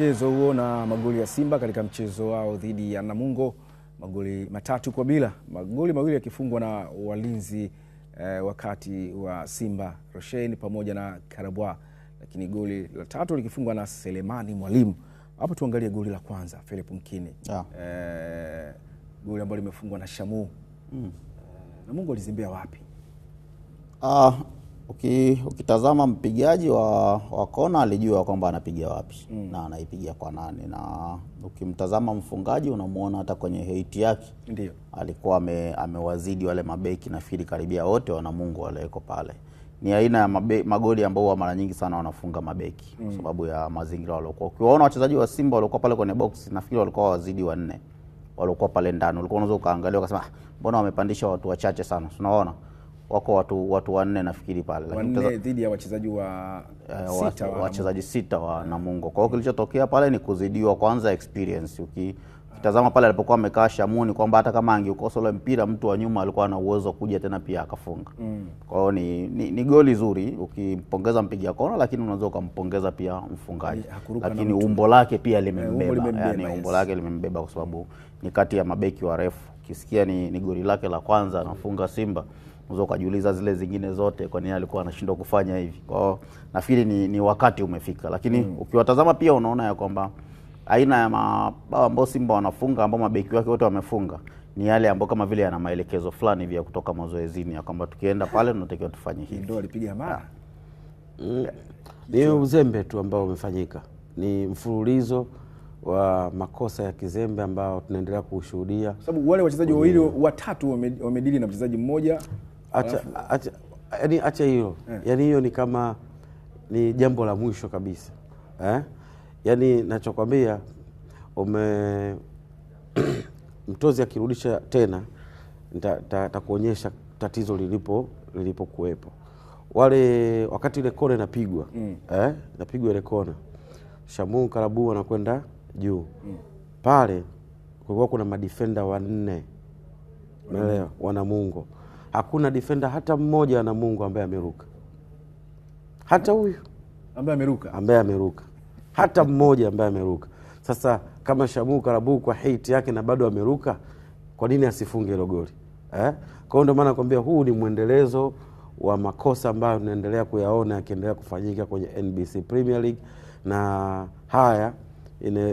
mchezo huo na magoli ya Simba katika mchezo wao dhidi ya Namungo, magoli matatu kwa bila, magoli mawili yakifungwa na walinzi eh, wakati wa Simba rosheni pamoja na Karabwa, lakini goli la tatu likifungwa na Selemani Mwalimu. Hapo tuangalie goli la kwanza Philip Mkini yeah. eh, goli ambalo limefungwa na Shamu mm. eh, Namungo alizimbea wapi? uh. Uki, ukitazama mpigaji wa, wa kona alijua kwamba anapiga wapi mm. na anaipiga kwa nani, na ukimtazama mfungaji unamwona hata kwenye heiti yake ndio alikuwa ame, amewazidi wale mabeki nafikiri karibia wote wanamungu waleweko pale. Ni aina ya mabe, magoli ambao mara nyingi sana wanafunga mabeki mm. kwa sababu ya mazingira waliokuwa. Ukiwaona wachezaji wa Simba waliokuwa pale kwenye box, nafikiri walikuwa wazidi wanne waliokuwa pale ndani, ulikuwa unaweza ukaangalia ukasema, ah, mbona wamepandisha watu wachache sana, tunaona wako watu, watu wanne nafikiri pale dhidi ya wachezaji wa eh, sita wa, wachezaji sita wa Namungo. Kwa hiyo kilichotokea pale ni kuzidiwa kwanza experience uki tazama pale alipokuwa amekaa Shamuni kwamba hata kama angeukosa ule mpira mtu wa nyuma alikuwa na uwezo kuja tena pia akafunga. Mm. Kwa hiyo ni, ni, ni goli zuri ukimpongeza mpiga kona, lakini unaweza ukampongeza pia mfungaji, eh, lakini umbo lake pia limembeba, eh, yani umbo lake limembeba kwa sababu ni kati ya mabeki warefu. Ukisikia ni, ni goli lake la kwanza anafunga Simba unaweza ukajiuliza zile zingine zote kwa nini alikuwa anashindwa kufanya hivi. Kwao nafikiri ni, ni wakati umefika, lakini mm. ukiwatazama pia unaona ya kwamba aina ya mabao ambao Simba wanafunga ambao mabeki wake wote wamefunga ni yale ambayo kama vile yana maelekezo fulani hivi ya kutoka mazoezini ya kwamba tukienda pale tunatakiwa tufanye hivi. Ndio alipiga mara mm. ni uzembe tu ambao umefanyika, ni mfululizo wa makosa ya kizembe ambao tunaendelea kuushuhudia, sababu wale wachezaji wawili watatu wamedili na mchezaji mmoja yani acha hilo yeah. Yani hiyo ni kama ni jambo la mwisho kabisa eh? Yani nachokwambia ume mtozi akirudisha tena nitakuonyesha tatizo lilipo lilipokuwepo wale wakati ile kona inapigwa mm. eh? inapigwa ile kona Shamu Karabu anakwenda juu mm. pale kulikuwa kuna madifenda wanne, unaelewa, mm. wanamungo hakuna difenda hata mmoja na Mungu ambaye ameruka, hata huyu ambaye ameruka, ambaye ameruka hata mmoja ambaye ameruka. Sasa kama Shamu Karabu kwa hate yake na bado ameruka, kwa nini asifunge hilo goli eh? Kwa hiyo ndio maana nakwambia huu ni mwendelezo wa makosa ambayo tunaendelea kuyaona yakiendelea kufanyika kwenye NBC Premier League na haya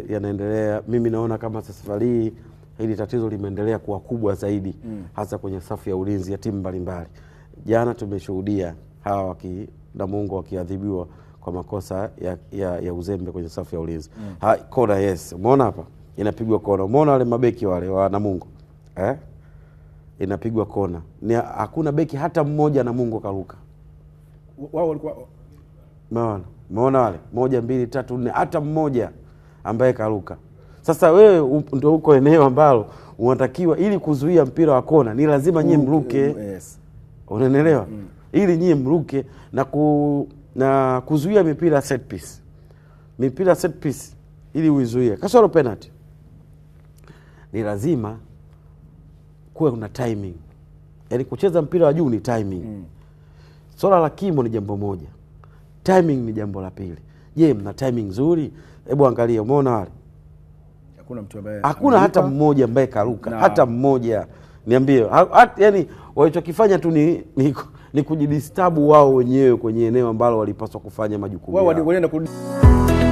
yanaendelea. Mimi naona kama safari hii hili tatizo limeendelea kuwa kubwa zaidi mm. hasa kwenye safu ya ulinzi ya timu mbalimbali. Jana tumeshuhudia hawa waki Namungo wakiadhibiwa kwa makosa ya, ya, ya uzembe kwenye safu ya ulinzi mm. ha, kona yes, umeona hapa inapigwa kona, umeona wale mabeki wale wa Namungo eh? inapigwa kona ni hakuna beki hata mmoja Mungu karuka wao walikuwa umeona wale moja mbili tatu nne hata mmoja ambaye karuka sasa wewe ndio uko eneo ambalo unatakiwa ili kuzuia mpira wa kona ni lazima nyie mruke, um, yes. Unanielewa mm. Ili nyie mruke na, ku, na kuzuia mipira set piece, mipira set piece ili uizuie kasoro penalty ni lazima kuwe kuna timing, yaani kucheza mpira wa juu ni timing mm. Swala la kimo ni jambo moja, timing ni jambo la pili. Je, mna timing nzuri? Hebu angalia, umeona wale hakuna mtu ambaye hakuna hata mmoja ambaye karuka na, hata mmoja niambie, yani walichokifanya tu ni, ni, ni kujidistabu wao wenyewe kwenye eneo ambalo walipaswa kufanya majukumu yao.